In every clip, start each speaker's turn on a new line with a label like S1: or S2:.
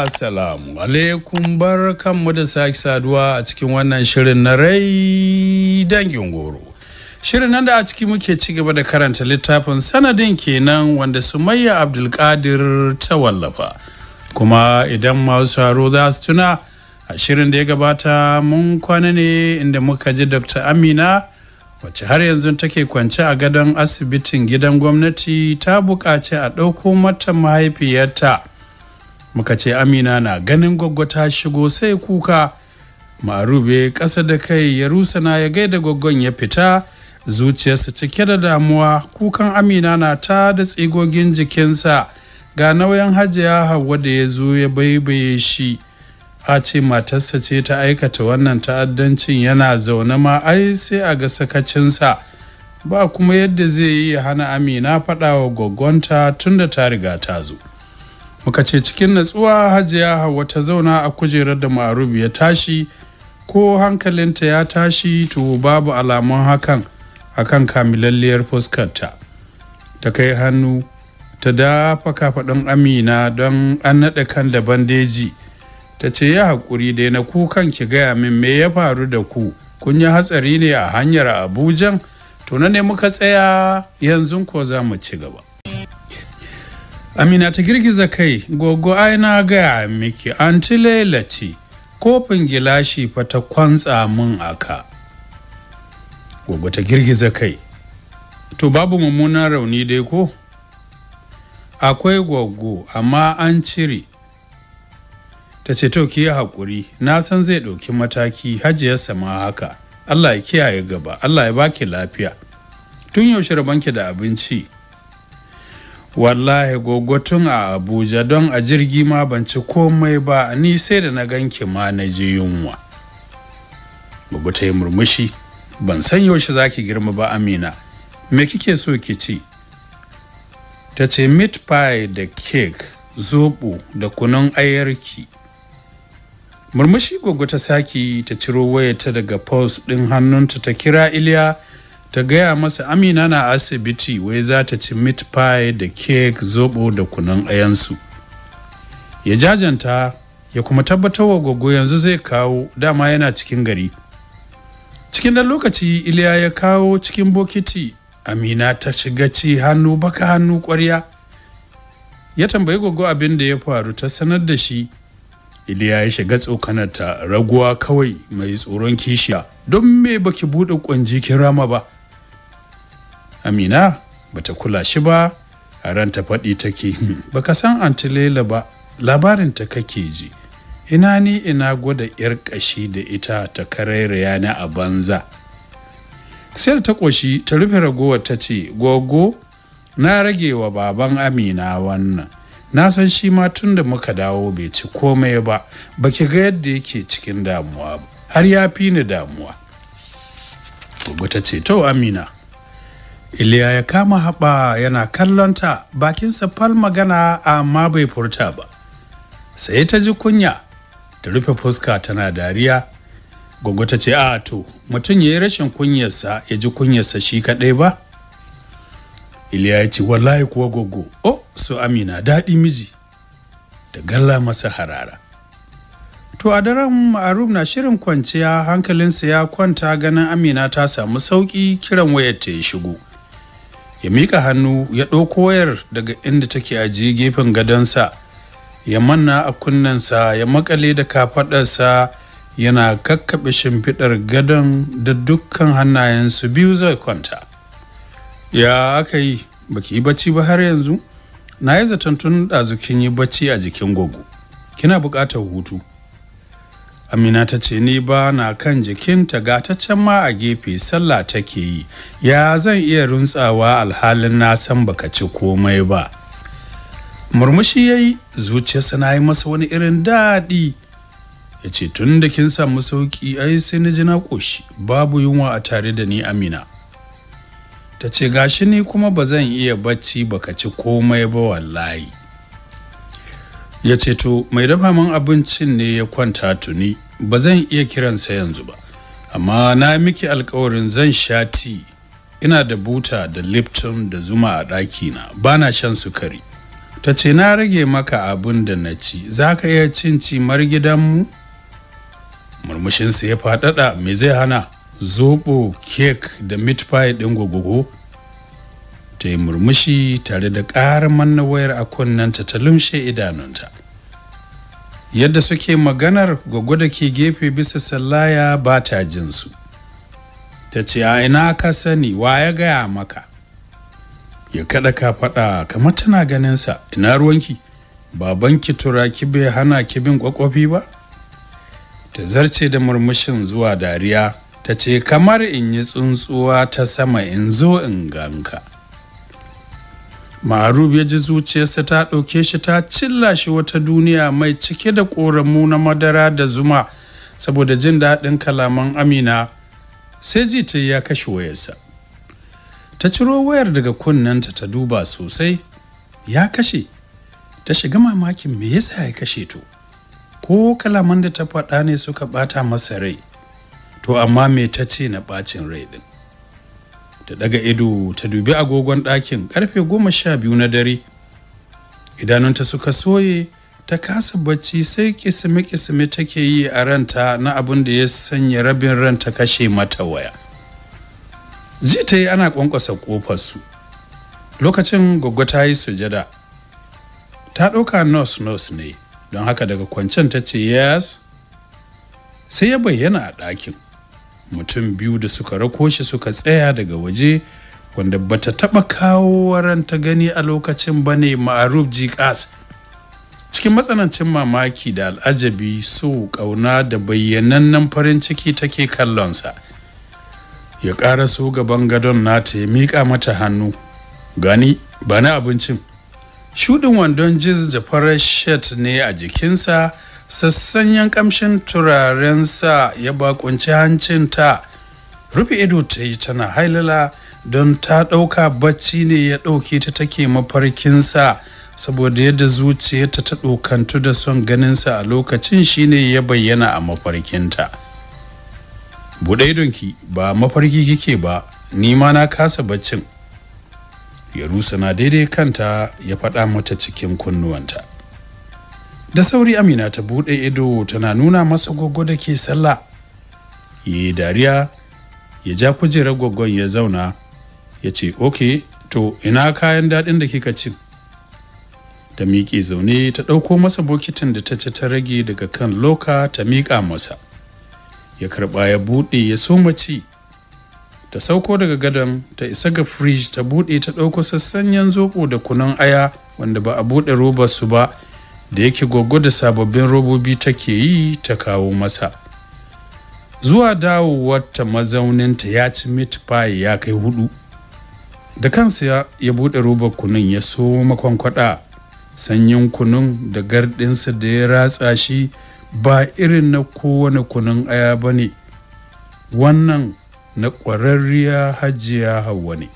S1: Assalamu alaikum bar kanmu da sake saduwa a cikin wannan shirin na rai dangin goro. Shirin nan da a ciki muke ci gaba da karanta littafin sanadin kenan wanda Sumayya Abdulkadir ta wallafa. Kuma idan masu haro za su tuna a shirin da ya gabata mun kwana ne inda muka ji Dr. Amina wacce har yanzu take kwance a gadon asibitin gidan gwamnati ta buƙaci a ɗauko mata mahaifiyarta. muka ce amina na ganin gwaggo ta shigo sai kuka marube ƙasa da kai ya rusana ya gaida gwaggon ya fita zuciyarsa cike da damuwa kukan amina na ta da tsigogin jikinsa ga nauyin hajiya hawa da ya zo ya baibaye shi a ce matarsa ce ta aikata wannan ta'addancin yana zaune ma ai sai a ga sakacinsa ba kuma yadda zai yi hana amina faɗawa wa gwaggonta tunda ta riga ta zo muka ce cikin natsuwa hajiya hawa ta zauna a kujerar da ma'arubi ya tashi ko hankalinta ya tashi to babu alamun hakan a kan kamilalliyar fuskarta ta kai hannu ta dafa kafaɗin amina don an naɗa kan da bandeji ta ce ya haƙuri da na kukan ki gaya min me ya faru da ku kun yi hatsari ne a hanyar abujan to na ne muka tsaya yanzu ko za mu ci gaba amina ta girgiza kai gogo ai na gaya miki an ci lalace kofin gilashi fa ta kwantsa min aka gogo ta girgiza kai to babu mummunan rauni dai ko akwai gogo amma an cire ta ce to ki haƙuri na san zai ɗauki mataki hajiya ma haka allah ya kiyaye gaba allah ya baki lafiya tun yaushe rabanki da abinci wallahi gogotun a abuja don a jirgi ma ban ci komai ba ni sai da na ganki ma na ji yunwa gogo ta yi murmushi ban san yaushe za ki girma ba amina me kike so ki ci ta ce meat pie da cake zobo da kunun ayarki murmushi gogo ta saki ta ciro wayata daga post ɗin hannunta ta kira iliya ta gaya masa amina na asibiti wai za ta ci meat pie da cake zobo da kunan ayansu ya jajanta ya kuma tabbatar wa gwaggo yanzu zai kawo dama yana cikin gari cikin dan lokaci iliya ya kawo cikin bokiti amina ta shiga ci hannu baka hannu kwarya ya tambayi gwaggo abin da ya faru ta sanar da shi iliya ya shiga tsokanarta raguwa kawai mai tsoron kishiya don me baki buɗe kwanji kin rama ba amina bata kula shi ba a ranta faɗi take hmm, baka san antilela ba labarin ta kake ji ina ni ina gwada yar ƙashi da ita ta karairaya ni a banza sai ta ƙoshi ta rufe ragowa ta ce gogo na rage wa baban amina wannan na san shi ma tun da muka dawo bai ci komai ba baki ga yadda yake cikin damuwa ba har ya fi ni damuwa gogo ta ce to amina iliya ya kama haɓa yana kallonta bakinsa fal magana amma bai furta ba sai ta ji kunya ta rufe fuska tana dariya goggo ta ce a to mutum ya yi rashin kunyarsa ya ji kunyarsa shi kaɗai ba iliya ya ce wallahi kuwa goggo, oh su amina daɗi miji da galla masa harara to a daren ma'aruf na shirin kwanciya hankalinsa ya kwanta ganin amina ta samu sauƙi kiran wayar ta ya shigo ya mika hannu ya ɗauko wayar daga inda take ajiye gefen gadonsa ya manna a kunnensa ya makale da kafaɗarsa yana kakkaɓe shimfiɗar gadon da dukkan hannayensu biyu zai kwanta ya aka yi baki yi bacci ba har yanzu na yi zaton tun ɗazukin yi bacci a jikin gogo kina buƙatar hutu amina ta ce ni ba na kan jikinta gataccen ma a gefe sallah take yi ya zan iya runtsawa alhalin na san baka ci komai ba murmushi ya yi zuciyarsa na yi masa wani irin daɗi ya ce tun da kin samu sauƙi ai sai na ji na ƙoshi babu yunwa a tare da ni amina ta ce gashi ni kuma ba zan iya bacci baka ci komai ba wallahi ya ce to mai dafa man abincin ne ya kwanta tuni ba zan iya kiransa yanzu ba amma na miki alkawarin zan sha ti ina da buta da lipton da zuma a ɗakina ba na shan sukari ta ce na rage maka abin da na ci za ka iya cin cimar gidanmu murmushinsa ya faɗaɗa me zai hana Zobo, kek da meat pie ɗin gogogo ta yi murmushi tare da ƙarar na wayar a kunnanta ta lumshe idanunta yadda suke maganar gwagwa da ke gefe bisa sallaya ba ta jinsu ta ce a ina ka sani wa ya gaya maka ya kada ka faɗa kamar tana ganinsa ina ruwanki babanki turaki bai hana ki bin kwakwafi ba ta zarce da murmushin zuwa dariya ta ce kamar in yi tsuntsuwa ta sama in zo in ganka ma'arub ya ji zuciyarsa ta ɗauke shi ta cilla shi wata duniya mai cike da ƙoramu na madara da zuma saboda jin daɗin kalaman amina sai ji ta ya kashe wayarsa ta ciro wayar daga kunnenta ta duba sosai ya kashe ta shiga mamakin me yasa ya kashe to ko kalaman da ta faɗa ne suka ɓata masa rai to amma me ta ce na ɓacin rai ɗin Da daga ido ta dubi agogon ɗakin karfe goma sha biyu na dare idanunta suka soye ta kasa bacci sai kisime-kisime take yi a ranta na abin da ya sanya rabin ranta kashe mata waya ji ta yi ana kwankwasa ƙofarsu. lokacin gwaggwa ta yi sujada ta ɗauka nos nos ne don haka daga kwancen ta ce yes sai ya bayyana a ɗakin mutum biyu da suka rako shi suka tsaya daga waje wanda bata taba kawo waranta gani a lokacin ba ne ma'aruf jikas cikin matsanancin mamaki da al'ajabi so kauna da bayyanannen farin ciki take kallonsa ya ƙara so gaban gadon nata ya miƙa mata hannu gani ba na abincin shudin wandon jeans da farashet ne a jikinsa sassanyen kamshin turaren sa ya bakunci ta. rufe ido ta yi tana hailala don ta ɗauka bacci ne ya ɗauke ta take mafarkinsa saboda yadda zuciyarta ta ɗokantu da son ganinsa a lokacin shine ya bayyana a mafarkinta buɗe idonki ba mafarki kike ba ni ma na kasa baccin ya na daidai kanta ya faɗa mata cikin kunnuwanta da sauri amina ta buɗe ido tana nuna masa gwaggo da ke sallah ya yi dariya ya ja kujerar gwaggon ya zauna ya ce oke to ina kayan daɗin da kika ci ta miƙe zaune ta ɗauko masa bokitin da ta ci ta rage daga kan loka ta miƙa masa ya karɓa ya buɗe ya soma ci ta sauko daga gadon ta isa ga fridge ta buɗe ta ɗauko sassanyen zoɓo da kunun aya wanda ba a buɗe robar su ba da yake gwaggo da sababbin robobi take yi ta kawo masa zuwa dawowarta mazauninta ya ci meat ya kai hudu da kansa ya buɗe robar kunun ya so makwankwada sanyin kunun da gardinsa da ya ratsa shi ba irin na kowane kunun aya bane. wannan na ƙwararriya hajiya hawa ne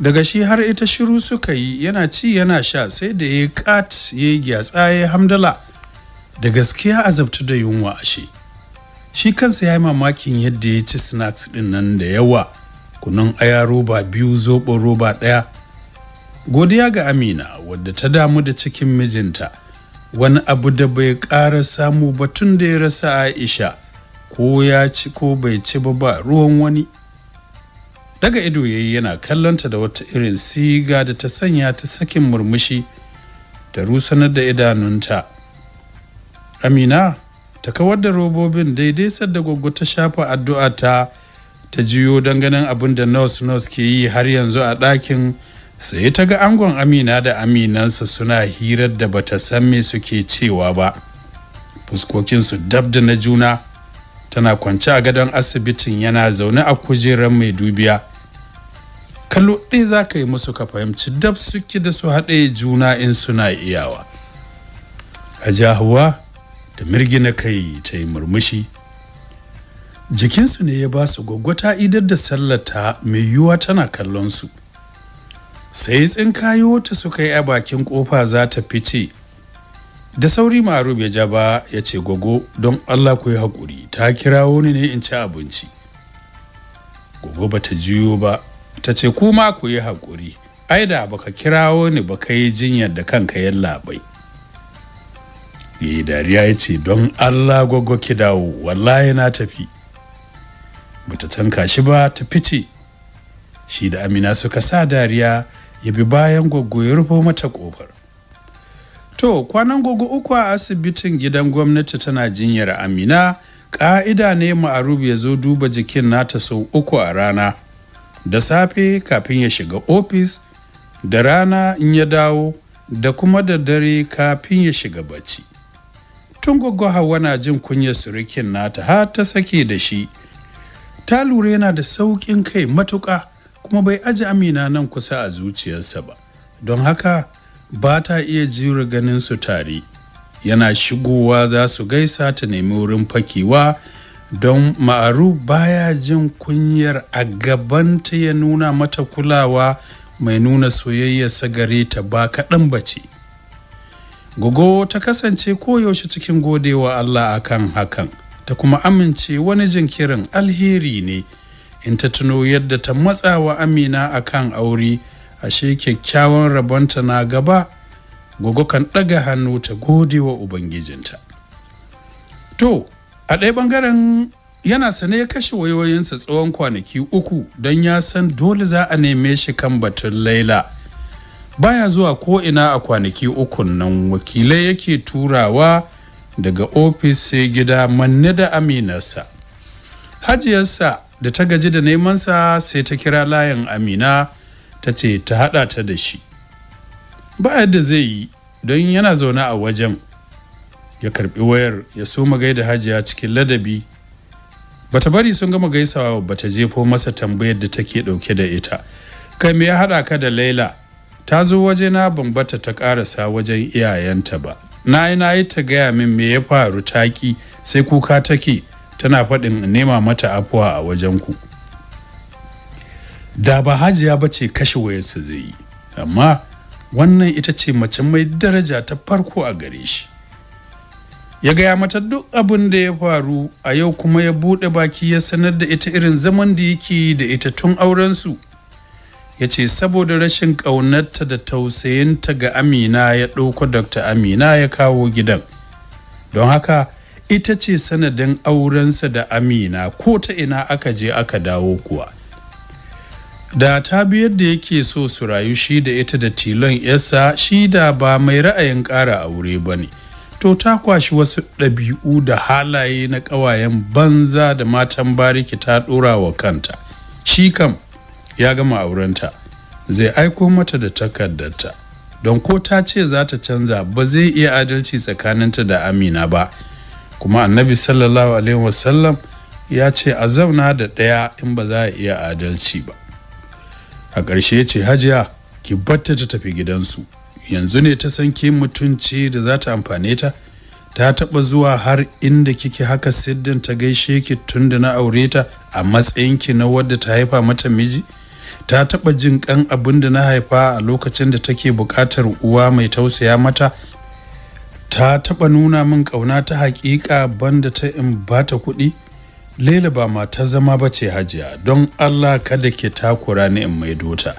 S1: daga shi har ita shiru suka yi yana ci yana sha sai da ya kat ya yi gyatsa ya hamdala da gaskiya azabta da yunwa ashe shi kansa ya yi mamakin yadda ya ci snacks din nan da yawa kunun aya roba biyu zoɓo roba ɗaya godiya ga amina wadda ta damu da cikin mijinta wani abu da bai ƙara samu batun da ya rasa aisha ko ya ci ko bai ci ba ba ruwan wani daga ido yayi yana kallonta da wata irin siga da ta sanya ta sakin murmushi da rusanar da idanunta amina ta kawar da robobin daidai sadda gwaggo ta shafa addu'a ta ta jiyo ganin abin da nurse nurse ke yi har yanzu a ɗakin sai ta ga angon amina da aminansa suna hirar da bata san me suke cewa ba fuskokinsu dab da na juna tana kwance a gadon asibitin yana zaune a kujerar mai dubiya kallo ɗaya za ka yi musu ka fahimci dab suke da su haɗe juna in suna iyawa a jahuwa mirgi mirgina kai ta yi murmushi jikinsu ne ya ba su ta idar da sallata mai yiwuwa tana kallon su sai tsinkayo ta suka yi a bakin kofa za ta fice da sauri maru bai ja ba ya ce gogo don allah ku yi haƙuri ta kirawo ni ne in ci abinci Gwago ba ta juyo ba ta ce kuma ku yi haƙuri ai da baka kirawo ni baka yi jinyar da kanka ya labai yi dariya ya ce don allah gwaggo ki dawo wallahi na tafi bata tanka shi ba ta fice shi da amina suka sa dariya ya bi bayan gwaggo ya rufo mata ƙofar to kwanan gwaggo uku a asibitin gidan gwamnati tana jinyar amina ƙa'ida ne ma'arub ya zo duba jikin nata sau uku a rana da safe kafin ya shiga ofis da rana in ya dawo da kuma da dare kafin ya shiga bacci tun gwaggo hawa na jin kunyar surikin nata ha ta sake da shi ta lura yana da sauƙin kai matuƙa kuma bai aji amina nan kusa a zuciyarsa ba don haka ba ta iya jira ganin su tare yana shigowa za su gaisa ta nemi wurin fakewa don ma'aru baya jin kunyar a gabanta ya nuna mata kulawa mai nuna soyayya gare ta ba kaɗan ba ce gogo ta kasance koyaushe cikin godewa allah akan hakan ta kuma amince wani jinkirin alheri ne in ta tuno yadda ta matsawa amina akan aure ashe kyakkyawan rabonta na gaba gogo kan ɗaga hannu ta godewa ubangijinta to a ɗaya ɓangaren yana sane ya kashe wayoyinsa tsawon kwanaki uku don ya san dole za a neme shi kan batun laila baya zuwa ko'ina a kwanaki ukun nan wakilai yake turawa daga ofis sai gida manne da aminarsa hajiyarsa da ta gaji da nemansa sai ta kira layin amina ta ce ta hada ta da shi ba yadda zai yi don yana zaune a wajen ya karbi wayar ya so gaida hajiya cikin ladabi bata bari sun gama gaisawa bata jefo masa tambayar da take dauke da ita kai me ya hada ka da laila ta zo waje na bambata ta karasa wajen iyayenta ba na yi na yi ta gaya min me ya faru taki sai kuka take tana faɗin nema mata afuwa a wajen ku da ba hajiya ba ce kashe wayarsa zai yi amma wannan ita ce mace mai daraja ta farko a gare shi ya gaya mata duk abin da ya faru a yau kuma ya buɗe baki ya sanar da ita irin zaman da yake da ita tun aurensu ya ce saboda rashin ƙaunarta da tausayinta ga amina ya ɗauko dr amina ya kawo gidan don haka ita ce sanadin aurensa da amina ko ta ina aka je aka dawo kuwa da ta biyar da yake so su rayu shi da ita da tilon yasa shi da ba mai ra'ayin ƙara aure ba ne to ta kwashi wasu ɗabi'u da halaye na ƙawayen banza da matan bariki ta ɗora wa kanta shi kam ya gama aurenta zai aiko mata da takardarta don ko ta ce za ta canza ba zai iya adalci tsakaninta da amina ba kuma annabi sallallahu alaihi wasallam ya ce a zauna da ɗaya in ba za a iya adalci ba a ƙarshe ce hajiya ki batta ta tafi gidansu yanzu ne ta san ki mutunci da za ta amfane ta ta taɓa zuwa har inda kike haka siddin ta gaishe ki tunda na aure ta a matsayin ki na wadda ta haifa mata miji ta taɓa jin kan abin da na haifa a lokacin da take buƙatar uwa mai tausaya mata ta taɓa nuna min ƙauna ta haƙiƙa banda ta in ba ta kuɗi Laila ba ma ta zama ba ce hajiya don Allah kada ke takura ni in maido ta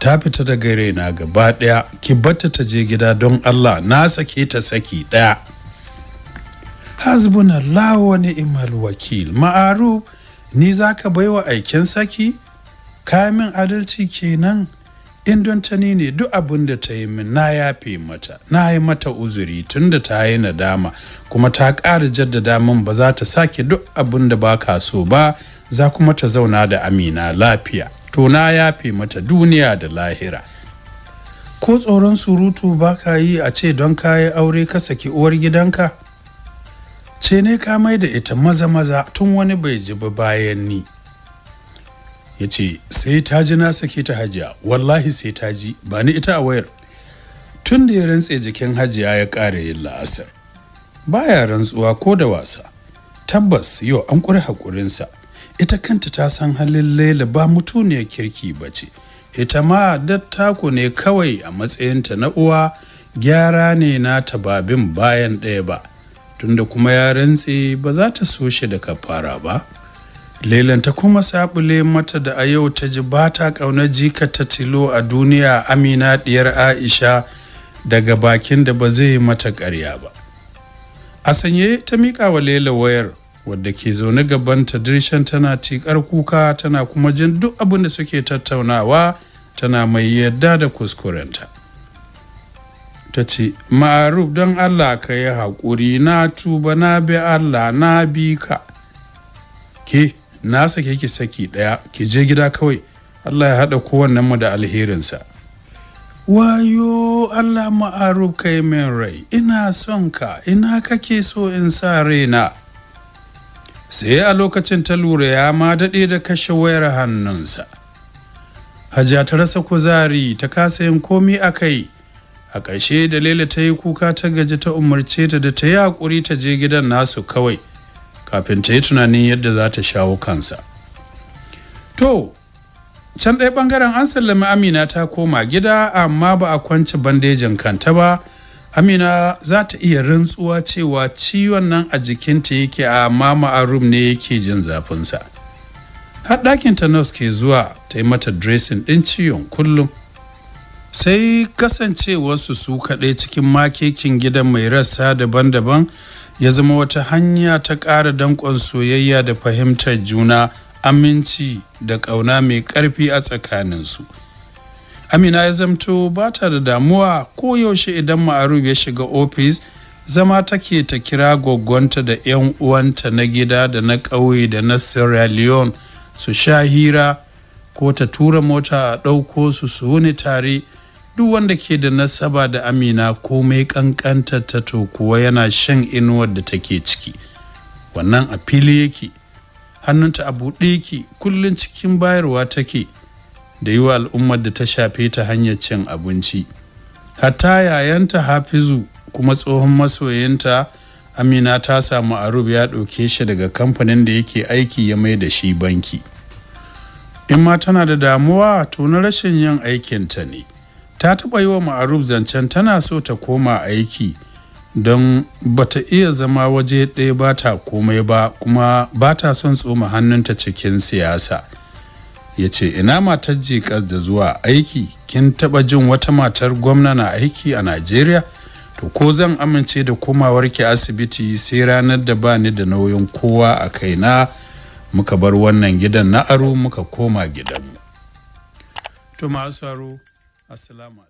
S1: ta fita daga raina gaba ɗaya, ki batta ta je gida don Allah na sake ta saki daya Hasbunallahu wa ni'mal wakil ma'aru, ni zaka baiwa aikin saki kamin adalci kenan in don ta ni ne duk abin da ta yi min na yafe mata na yi mata uzuri tunda ta yi nadama kuma ta ƙara jaddada min ba za ta sake duk abin da ba so ba za kuma ta zauna da amina lafiya to na yafe mata duniya da lahira ko tsoron surutu ba ka yi a ce don kayi aure ka saki uwar gidanka ce ne ka mai da ita maza maza tun wani bai ji ba bayan ni ya ce sai ta ji na saki ta hajiya wallahi sai ta ji ba ni ita a wayar tun da ya rantse jikin hajiya ya ƙara yin la'asar baya rantsuwa ko da wasa tabbas yau an ƙuri haƙurinsa ita kanta ta san halin laila ba mutu ne kirki ba ce ita ma dattako ne kawai a matsayinta na uwa gyara ne na tababin bayan ɗaya ba tunda kuma ya rantse ba za ta so shi daga fara ba lailan ta kuma sabule mata da a yau ta ji ba ta ƙauna jika ta tilo a duniya amina ɗiyar aisha daga bakin da ba zai mata ƙarya ba a sanye ta miƙa wa laila wayar wadda ke zaune gaban ta dirshan tana tikar kuka tana kuma jin duk abin da suke tattaunawa tana mai yadda da kuskurenta ta ce ma'aruf don allah ka yi haƙuri na tuba na bi allah na bi ka ke na sake ki saki ɗaya ki je gida kawai allah ya haɗa mu da alherinsa wayo allah ma'aruf ka yi min rai ina son ka ina kake so in sa raina sai a lokacin ta lura ya ma daɗe da kashe wayar hannunsa hajiya ta rasa kuzari ta kasa yin komi a kai a ƙarshe da Laila ta yi kuka ta gaji ta umarce ta da ta yi haƙuri ta je gidan nasu kawai kafin ta yi tunanin yadda za ta shawo kansa to can ɗaya ɓangaren an sallami amina ta koma gida amma ba a kwanci bandejin kanta ba amina za ta iya rantsuwa cewa ciwon nan a jikinta yake a mama arum ne yake jin zafinsa har ɗakin ta ke zuwa ta yi mata dressing ɗin ciwon kullum sai kasancewarsu su kaɗai cikin makekin gidan mai rassa daban-daban ya zama wata hanya ta ƙara danƙon soyayya da fahimtar juna aminci da ƙauna mai ƙarfi a tsakaninsu. amina ya zamto ba ta da damuwa ko yaushe idan ma'aruf ya shiga ofis zama take ta kira gwaggonta da 'yan uwanta na gida da na ƙauye da na sierra leone su sha hira ko ta tura mota a ɗauko su su wuni tare duk wanda ke da nasaba da amina komai ƙanƙanta ta to kuwa yana shan inuwar da take ciki wannan a fili yake hannunta a buɗe yake kullum cikin bayarwa take da yi wa al'ummar da ta shafe ta hanyar cin abinci hatta yayanta hafizu kuma tsohon masoyinta amina ta samu arub ya ɗauke shi daga kamfanin da yake aiki ya mai da shi banki in ma tana da damuwa to na rashin yin aikinta ne ta taɓa yi wa ma'aruf zancen tana so ta koma aiki don bata iya zama waje ɗaya ba ta komai ba kuma ba ta son tsoma hannunta cikin siyasa ya ce ina matar jikas da zuwa aiki kin taba jin wata matar gwamna na aiki a najeriya to ko zan amince da komawar ki asibiti sai ranar da ba ni da nauyin kowa a kaina muka bar wannan gidan na aro muka koma gidanmu to masu assalamu